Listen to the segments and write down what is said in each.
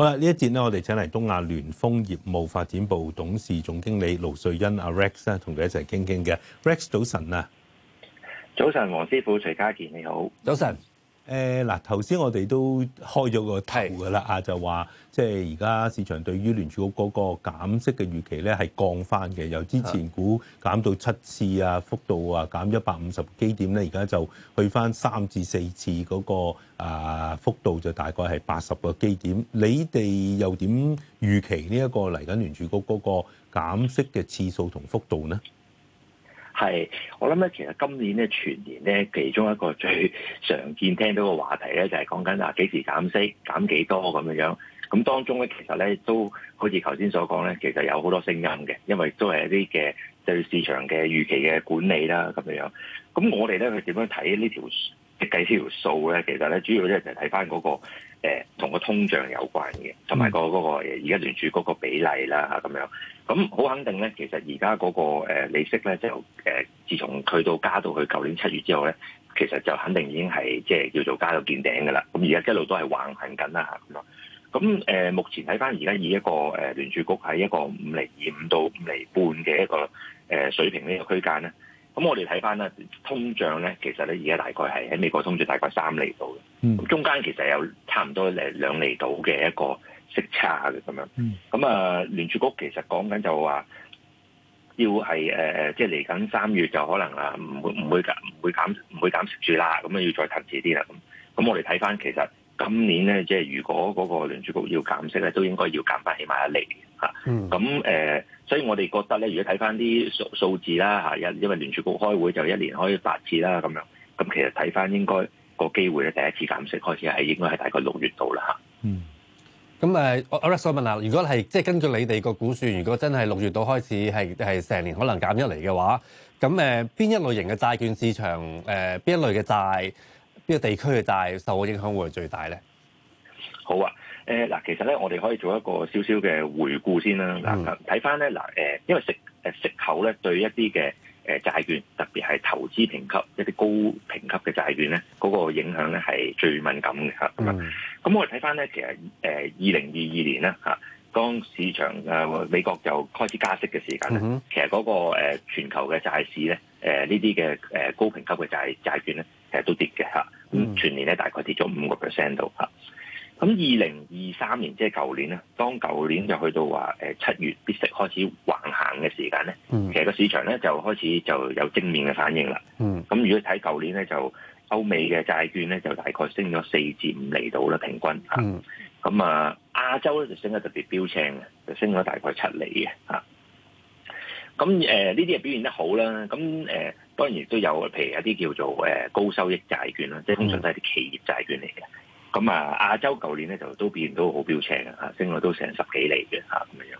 好啦，呢一節咧，我哋請嚟東亞聯豐業務發展部董事總經理盧穗欣阿 Rex 咧，同佢一齊傾傾嘅。Rex 早晨啊，早晨，黃師傅，徐家健，你好，早晨。誒嗱，頭先、呃、我哋都開咗個頭㗎啦啊，是就話即係而家市場對於聯儲局嗰個減息嘅預期咧，係降翻嘅，由之前估減到七次啊，幅度啊減一百五十基點咧，而家就去翻三至四次嗰、嗰個啊幅度，就大概係八十個基點。你哋又點預期呢一個嚟緊聯儲局嗰個減息嘅次數同幅度呢？係，我諗咧，其實今年咧全年咧，其中一個最常見聽到嘅話題咧，就係講緊啊幾時減息，減幾多咁樣樣。咁當中咧，其實咧都好似頭先所講咧，其實有好多聲音嘅，因為都係一啲嘅對市場嘅預期嘅管理啦咁樣樣。咁我哋咧，係點樣睇呢條？計條數咧，其實咧主要咧就係睇翻嗰個同、呃、個通脹有關嘅，同埋、嗰個嗰、嗰個而家聯儲嗰個比例啦嚇咁樣。咁好肯定咧，其實而家嗰個、呃、利息咧即係誒，自從去到加到去舊年七月之後咧，其實就肯定已經係即係叫做加到見頂㗎啦。咁而家一路都係橫行緊啦嚇咁咯。咁、啊、誒、呃、目前睇翻而家以一個誒、呃、聯儲局喺一個五厘二五到五厘半嘅一個誒水平呢個區間咧。咁我哋睇翻咧，通脹咧，其實咧而家大概係喺美國通脹大概三厘度嘅，咁、嗯、中間其實有差唔多誒兩厘度嘅一個息差嘅咁樣。咁、嗯、啊聯儲局其實講緊就話，要係誒、呃、即係嚟緊三月就可能啊，唔會唔會減唔會減唔會減息住啦，咁樣要再騰遲啲啦。咁我哋睇翻其實今年咧，即係如果嗰個聯儲局要減息咧，都應該要減翻起碼一厘。嚇、啊。咁誒、嗯。嗯呃所以我哋覺得咧，如果睇翻啲數數字啦嚇，一因為聯儲局開會就一年可以八次啦，咁樣咁其實睇翻應該、那個機會咧，第一次減息開始係應該係大概六月度啦嚇。嗯。咁誒，我再問下，如果係即係根據你哋個估算，如果真係六月度開始係係成年可能減一嚟嘅話，咁誒邊一類型嘅債券市場誒邊、呃、一類嘅債，邊個地區嘅債受嘅影響會係最大咧？好啊。誒嗱，其實咧，我哋可以做一個少少嘅回顧先啦。嗱、mm，睇翻咧，嗱，誒，因為息誒息口咧，對一啲嘅誒債券，特別係投資評級一啲高評級嘅債券咧，嗰、個影響咧係最敏感嘅嚇。咁、mm hmm. 我哋睇翻咧，其實誒二零二二年咧嚇，當市場誒美國就開始加息嘅時間咧，mm hmm. 其實嗰個全球嘅債市咧，誒呢啲嘅誒高評級嘅債債券咧，其實都跌嘅嚇。咁、hmm. 全年咧大概跌咗五個 percent 度嚇。咁二零二三年即係舊年咧，當舊年就去到話誒七月必息開始橫行嘅時間咧，嗯、其實個市場咧就開始就有正面嘅反應啦。咁、嗯、如果睇舊年咧，就歐美嘅債券咧就大概升咗四至五厘度啦，平均嚇。咁啊、嗯、亞洲咧就升得特別標青嘅，就升咗大概七厘嘅嚇。咁誒呢啲嘢表現得好啦。咁誒、呃、當然亦都有譬如一啲叫做誒高收益債券啦，即係通常都係啲企業債券嚟嘅。咁啊，嗯、亞洲舊年咧就都變到好飆升嘅嚇，升到都成十幾厘嘅嚇咁樣。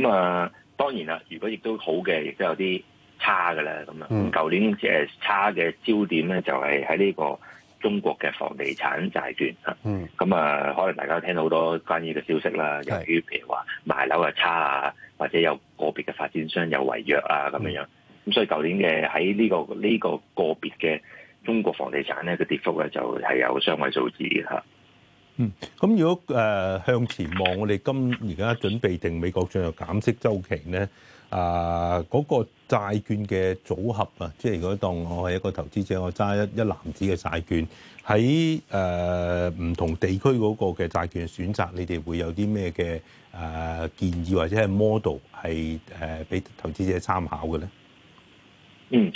咁啊，啊，當然啦，如果亦都好嘅，亦都有啲差嘅啦。咁啊，舊、嗯、年誒差嘅焦點咧就係喺呢個中國嘅房地產債券嚇。咁啊，啊，啊，可能大家聽到好多關於嘅消息啦，由於是譬如話賣樓又差啊，或者有個別嘅發展商有違約啊咁樣。咁、嗯嗯、所以舊年嘅喺呢個呢、呢個個別嘅。中國房地產咧個跌幅咧就係有雙位數字嘅嚇。嗯，咁如果誒向前望，我哋今而家準備定美國進入減息週期咧，啊嗰個債券嘅組合啊，即係如果當我係一個投資者，我揸一一籃子嘅債券喺誒唔同地區，嗰個嘅債券選擇，你哋會有啲咩嘅誒建議或者係 model 係誒俾投資者參考嘅咧？嗯。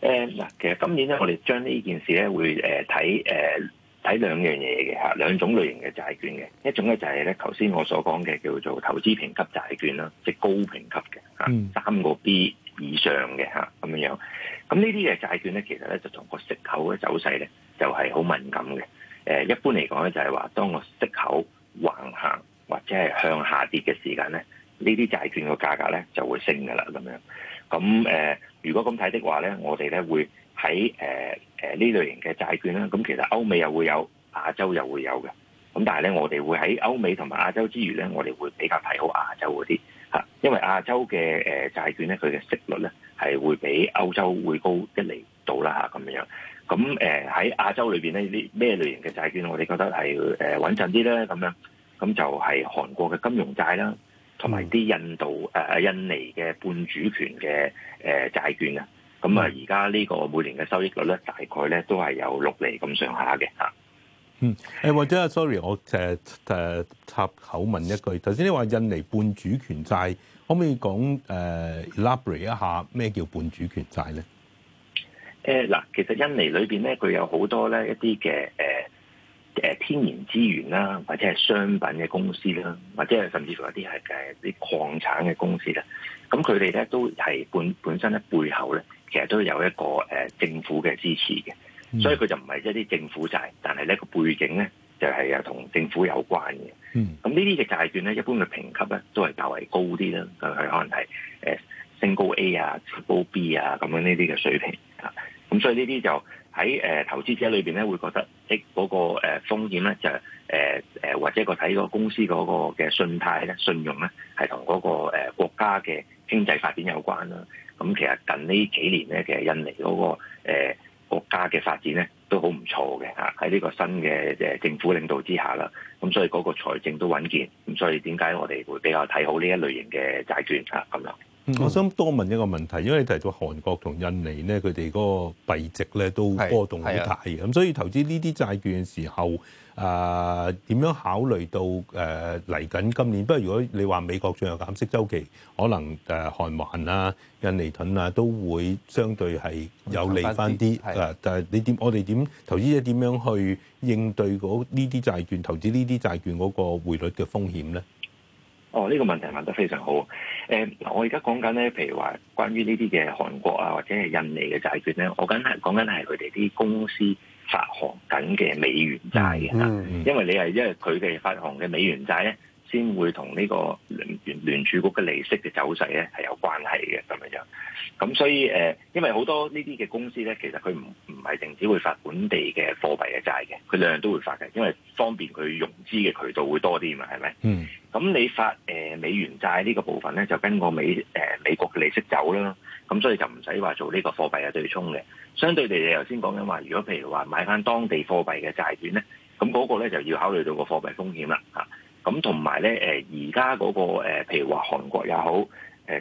誒嗱，其實今年咧，我哋將呢件事咧會誒睇誒睇兩樣嘢嘅吓，兩、啊、種類型嘅債券嘅，一種咧就係咧頭先我所講嘅叫做投資評級債券啦、啊，即係高評級嘅吓、啊，三個 B 以上嘅吓咁樣。咁、啊、呢啲嘅債券咧，其實咧就同個息口嘅走勢咧就係、是、好敏感嘅。誒、啊，一般嚟講咧就係話，當個息口橫行或者係向下跌嘅時間咧，債呢啲債券個價格咧就會升噶啦咁樣。咁、啊、誒。啊如果咁睇的話，咧，我哋咧會喺誒誒呢類型嘅債券啦。咁其實歐美又會有，亞洲又會有嘅。咁但係咧，我哋會喺歐美同埋亞洲之餘咧，我哋會比較睇好亞洲嗰啲嚇，因為亞洲嘅誒債券咧，佢嘅息率咧係會比歐洲會高一釐度啦嚇咁樣。咁誒喺亞洲裏邊咧，啲咩類型嘅債券我哋覺得係誒穩陣啲咧咁樣。咁就係韓國嘅金融債啦。同埋啲印度、誒、啊、印尼嘅半主權嘅誒、呃、債券啊，咁啊而家呢個每年嘅收益率咧，大概咧都係有六厘咁上下嘅嚇。啊、嗯，誒或者啊，sorry，我誒誒、呃呃、插口問一句，頭先你話印尼半主權債，可唔可以講誒、呃、elaborate 一下咩叫半主權債咧？誒嗱、呃，其實印尼裏邊咧，佢有好多咧一啲嘅誒。呃誒天然資源啦，或者係商品嘅公司啦，或者係甚至乎一啲係誒啲礦產嘅公司啦，咁佢哋咧都係本本身咧背後咧，其實都有一個誒政府嘅支持嘅，所以佢就唔係一啲政府債，但係咧個背景咧就係又同政府有關嘅。嗯，咁呢啲嘅債券咧，一般嘅評級咧都係較為高啲啦，佢可能係誒 single A 啊，高 B 啊，咁樣呢啲嘅水平啊，咁所以呢啲就喺誒投資者裏邊咧會覺得。啲嗰個誒風險咧就係誒，誒或者個睇個公司嗰個嘅信貸咧、信用咧係同嗰個誒國家嘅經濟發展有關啦。咁其實近呢幾年咧，其實印尼嗰個誒國家嘅發展咧都好唔錯嘅嚇。喺呢個新嘅誒政府領導之下啦，咁所以嗰個財政都穩健。咁所以點解我哋會比較睇好呢一類型嘅債券啊？咁樣。嗯、我想多問一個問題，因為你提到韓國同印尼咧，佢哋嗰個幣值咧都波動好大，咁所以投資呢啲債券嘅時候，誒、呃、點樣考慮到誒嚟緊今年？不過如，如果你話美國進入減息周期，可能誒韓圜啊、印尼盾啊都會相對係有利翻啲。係，但係、uh, 你點？我哋點投資者點樣去應對債債呢啲債券投資呢啲債券嗰個匯率嘅風險咧？哦，呢、這個問題問得非常好。誒、呃，我而家講緊咧，譬如話關於呢啲嘅韓國啊，或者係印尼嘅債券咧，我梗係講緊係佢哋啲公司發行緊嘅美元債嘅、嗯嗯、因為你係因為佢哋發行嘅美元債咧，先會同呢個聯聯儲局嘅利息嘅走勢咧係有關係嘅，咁樣。咁所以誒，因為好、呃、多呢啲嘅公司咧，其實佢唔唔係淨止會發本地嘅貨幣嘅債嘅，佢兩樣都會發嘅，因為方便佢融資嘅渠道會多啲嘛，係咪？嗯。咁你發誒美元債呢個部分咧，就跟個美誒美國嘅利息走啦，咁所以就唔使話做呢個貨幣嘅對沖嘅。相對地，你頭先講緊話，如果譬如話買翻當地貨幣嘅債券咧，咁嗰個咧就要考慮到個貨幣風險啦。嚇，咁同埋咧誒，而家嗰個誒譬如話韓國也好，誒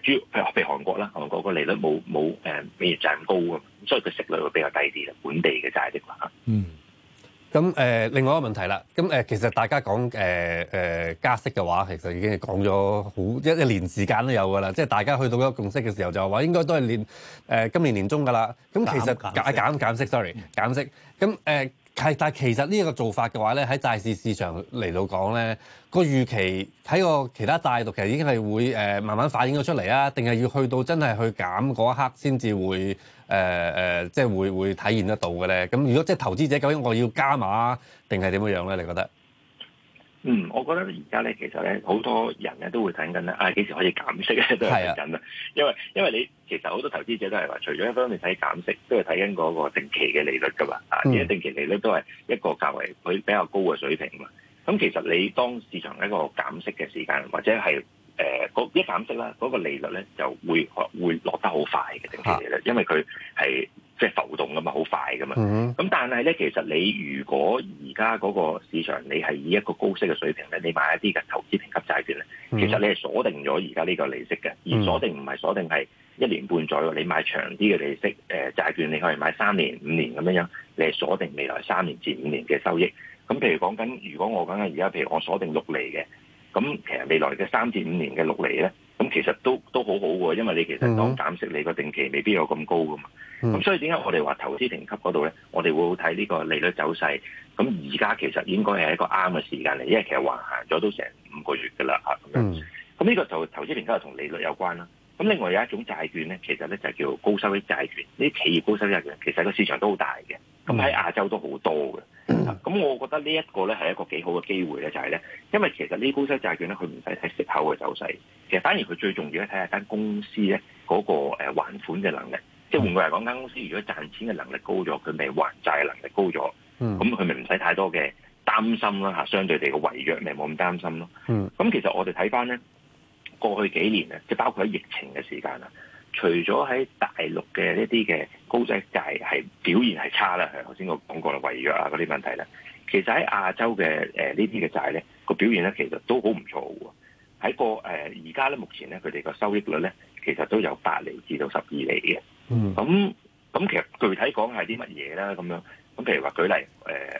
主要譬如韓國啦，韓國個利率冇冇誒美元債咁高，咁所以佢息率會比較低啲啦，本地嘅債的話。嗯。咁誒、呃，另外一個問題啦，咁誒、呃，其實大家講誒誒加息嘅話，其實已經係講咗好一一年時間都有㗎啦，即係大家去到一個共識嘅時候就，就話應該都係年誒今年年中㗎啦。咁其實減減息，sorry，減息、嗯。咁誒。係，但係其實呢一個做法嘅話咧，喺債市市場嚟到講咧，個預期喺個其他債度其實已經係會誒慢慢反映咗出嚟啦，定係要去到真係去減嗰一刻先至會誒誒、呃呃，即係會會體現得到嘅咧？咁如果即係投資者究竟我要加碼定係點樣樣咧？你覺得？嗯，我覺得而家咧，其實咧，好多人咧都會睇緊咧，啊幾時可以減息咧，都係睇緊啊。因為因為你其實好多投資者都係話，除咗一方面睇減息，都係睇緊嗰個定期嘅利率㗎嘛。啊、嗯，而家定期利率都係一個較為佢比較高嘅水平嘛。咁其實你當市場一個減息嘅時間，或者係誒、呃、一減息啦，嗰個利率咧就會會落得好快嘅定期利率，啊、因為佢係。即係浮動噶嘛，好快噶嘛。咁但係咧，其實你如果而家嗰個市場，你係以一個高息嘅水平咧，你買一啲嘅投資評級債券咧，其實你係鎖定咗而家呢個利息嘅。而鎖定唔係鎖定係一年半載，你買長啲嘅利息誒呃、債券，你可以買三年、五年咁樣樣，你係鎖定未來三年至五年嘅收益。咁譬如講緊，如果我講緊而家，譬如我鎖定六厘嘅，咁其實未來嘅三至五年嘅六厘咧。咁其實都都好好喎，因為你其實當減息，你個定期未必有咁高㗎嘛。咁、嗯、所以點解我哋話投資評級嗰度咧，我哋會睇呢個利率走勢。咁而家其實應該係一個啱嘅時間嚟，因為其實橫行咗都成五個月㗎啦，吓咁樣。咁呢、嗯、個就投投資評級又同利率有關啦。咁另外有一種債券咧，其實咧就叫高收益債券，啲企業高收益債券其實個市場都好大嘅，咁喺亞洲都好多嘅。咁、mm hmm. 我覺得呢一個咧係一個幾好嘅機會咧，就係咧，因為其實呢高息債券咧，佢唔使睇息口嘅走勢，其實反而佢最重要咧睇下間公司咧嗰個誒還款嘅能力。即係換句嚟講，間公司如果賺錢嘅能力高咗，佢咪還債嘅能力高咗，咁佢咪唔使太多嘅擔心啦嚇。相對地嘅違約咪冇咁擔心咯。咁、mm hmm. 其實我哋睇翻咧過去幾年咧，即係包括喺疫情嘅時間啊。除咗喺大陸嘅呢啲嘅高息債係表現係差啦，頭先我講過啦，違約啊嗰啲問題啦，其實喺亞洲嘅誒呢啲嘅債咧個表現咧其實都好唔錯喎。喺個誒而家咧目前咧佢哋個收益率咧其實都有八厘至到十二厘嘅。咁咁、mm. 其實具體講係啲乜嘢咧咁樣？咁譬如話舉例誒，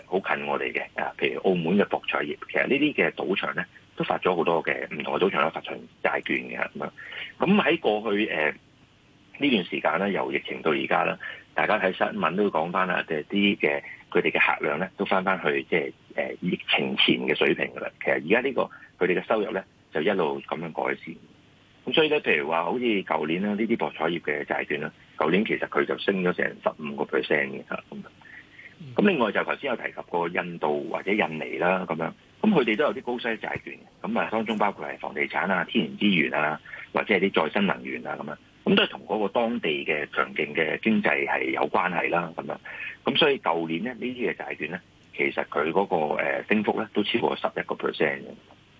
好、呃、近我哋嘅啊，譬如澳門嘅博彩業，其實呢啲嘅賭場咧都發咗好多嘅唔同嘅賭場咧發出債券嘅咁樣。咁喺過去誒。呃呢段時間咧，由疫情到而家咧，大家睇新聞都講翻啦，即係啲嘅佢哋嘅客量咧，都翻翻去即係誒疫情前嘅水平噶啦。其實而家呢個佢哋嘅收入咧，就一路咁樣改善。咁所以咧，譬如話好似舊年啦，呢啲博彩業嘅債券啦，舊年其實佢就升咗成十五個 percent 嘅嚇。咁咁另外就頭先有提及過印度或者印尼啦咁樣，咁佢哋都有啲高息債券嘅。咁啊，當中包括係房地產啊、天然資源啊，或者係啲再生能源啊咁樣。咁都係同嗰個當地嘅強勁嘅經濟係有關係啦，咁樣，咁所以舊年咧呢啲嘅債券咧，其實佢嗰個呃升幅咧都超過十一個 percent 嘅。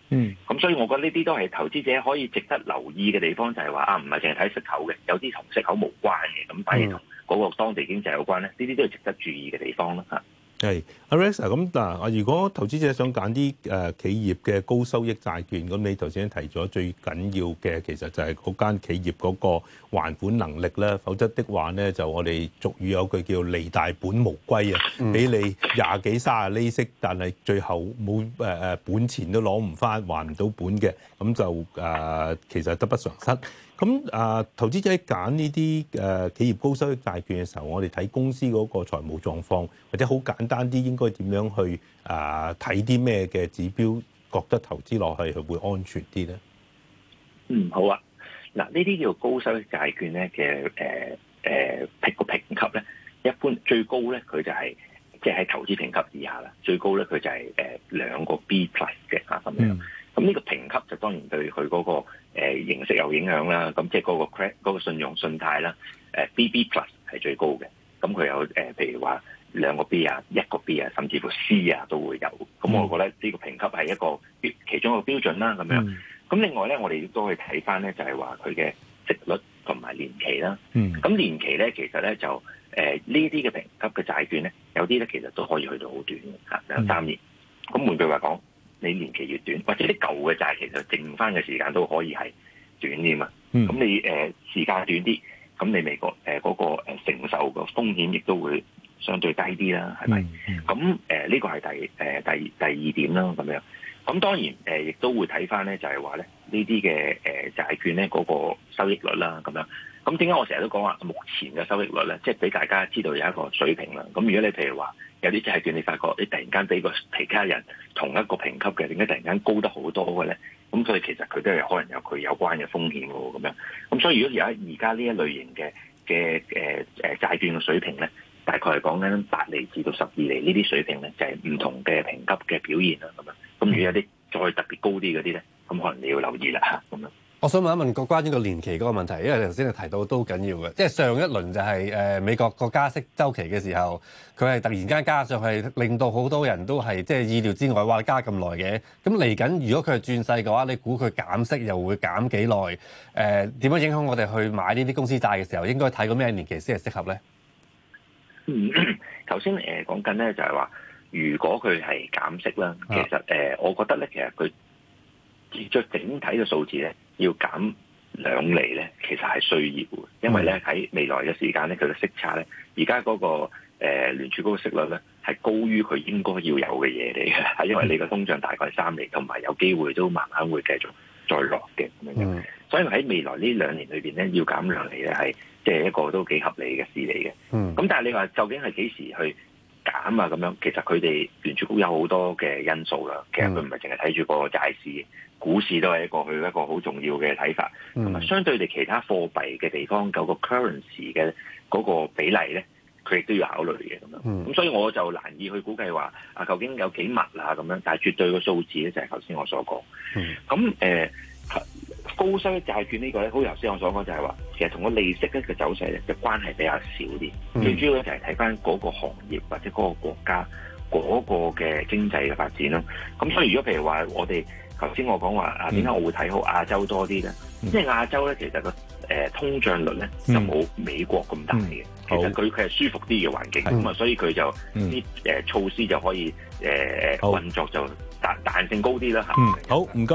嗯，咁所以我覺得呢啲都係投資者可以值得留意嘅地方就，就係話啊，唔係淨係睇息口嘅，有啲同息口無關嘅，咁但係同嗰個當地經濟有關咧，呢啲都係值得注意嘅地方啦。嚇。係，Alexa 咁嗱，如果投資者想揀啲誒企業嘅高收益債券，咁你頭先提咗最緊要嘅其實就係嗰間企業嗰個還款能力啦。否則的話咧，就我哋俗語有句叫利大本無歸啊，俾你廿幾卅利息，但係最後冇誒誒本錢都攞唔返，還唔到本嘅，咁就誒、呃、其實得不償失。咁啊，投資者揀呢啲誒企業高收益債券嘅時候，我哋睇公司嗰個財務狀況，或者好簡單啲，應該點樣去啊睇啲咩嘅指標，覺得投資落去係會安全啲咧？嗯，好啊。嗱，呢啲叫高收益債券咧嘅誒誒個評級咧，一般最高咧佢就係即係喺投資評級以下啦。最高咧佢就係、是、誒、呃、兩個 B+ 嘅啊咁樣。咁呢個評級就當然對佢嗰、那個誒、呃、形式有影響啦。咁、嗯、即係嗰個、那個信用信貸啦，誒、呃、BB+ 係最高嘅。咁、嗯、佢有誒、呃，譬如話兩個 B 啊，一個 B 啊，甚至乎 C 啊都會有。咁我覺得呢個評級係一個其中一個標準啦。咁樣、嗯。咁另外咧，我哋亦都可以睇翻咧，就係話佢嘅息率同埋年期啦。咁年期咧，其實咧就誒、呃、呢啲嘅評級嘅債券咧，有啲咧其實都可以去到好短嘅嚇兩三年。咁、嗯、換句話講。你年期越短，或者啲舊嘅債其實剩翻嘅時間都可以係短啲嘛？咁、嗯、你誒、呃、時間短啲，咁你美國誒嗰個承受嘅風險亦都會相對低啲啦，係咪？咁誒呢個係第誒、呃、第第二點啦，咁樣。咁當然誒亦、呃、都會睇翻咧，就係話咧呢啲嘅誒債券咧嗰、那個收益率啦，咁樣。咁點解我成日都講話、啊、目前嘅收益率咧，即係俾大家知道有一個水平啦。咁如果你譬如話，有啲債券你發覺，你突然間比個其他人同一個評級嘅，點解突然間高得好多嘅咧？咁所以其實佢都係可能有佢有關嘅風險喎，咁樣。咁所以如果而家而家呢一類型嘅嘅誒誒債券嘅水平咧，大概係講緊八釐至到十二釐呢啲水平咧，就係、是、唔同嘅評級嘅表現啦。咁樣，咁如果有啲再特別高啲嗰啲咧，咁可能你要留意啦嚇。我想問一問關於個年期嗰個問題，因為頭先你提到都緊要嘅，即係上一輪就係、是、誒、呃、美國個加息週期嘅時候，佢係突然間加上去，令到好多人都係即係意料之外，哇！加咁耐嘅，咁嚟緊如果佢係轉勢嘅話，你估佢減息又會減幾耐？誒、呃、點樣影響我哋去買呢啲公司債嘅時候，應該睇過咩年期先係適合咧？頭先誒講緊咧就係話，如果佢係減息啦，其實誒、呃、我覺得咧，其實佢接著整體嘅數字咧。要減兩厘咧，其實係需要嘅，因為咧喺未來嘅時間咧，佢嘅息差咧，而家嗰個誒聯儲高息率咧，係高於佢應該要有嘅嘢嚟嘅，係因為你嘅通脹大概三厘，同埋有機會都慢慢會繼續再落嘅咁樣。嗯、所以喺未來呢兩年裏邊咧，要減兩厘咧，係即係一個都幾合理嘅事嚟嘅。嗯，咁但係你話究竟係幾時去？減啊咁樣，其實佢哋聯儲局有好多嘅因素啦。其實佢唔係淨係睇住個債市，股市都係一個佢一個好重要嘅睇法。咁啊，相對地其他貨幣嘅地方，九個 currency 嘅嗰個比例咧，佢亦都要考慮嘅咁樣。咁、嗯、所以我就難以去估計話啊，究竟有幾密啊咁樣。但係絕對個數字咧，就係頭先我所講。咁誒、嗯。呃啊高息債券呢個咧，好頭先我所講就係話，其實同個利息咧嘅走勢咧嘅關係比較少啲，最主要咧就係睇翻嗰個行業或者嗰個國家嗰個嘅經濟嘅發展咯。咁所以如果譬如話，我哋頭先我講話啊，點解我會睇好亞洲多啲咧？因為亞洲咧，其實個誒通脹率咧就冇美國咁大嘅，其實佢佢係舒服啲嘅環境咁啊，所以佢就啲誒措施就可以誒誒運作就彈彈性高啲啦嚇。好，唔該。